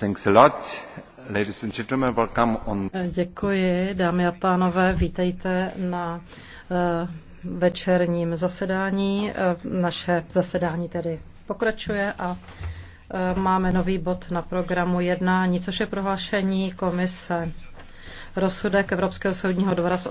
Thanks a lot. Ladies and gentlemen, welcome on... Eh, děkuji, dámy a pánové, vítejte na uh, večerním zasedání. Uh, naše zasedání tedy pokračuje a uh, máme nový bod na programu jednání, což je prohlášení komise rozsudek Evropského soudního dvora z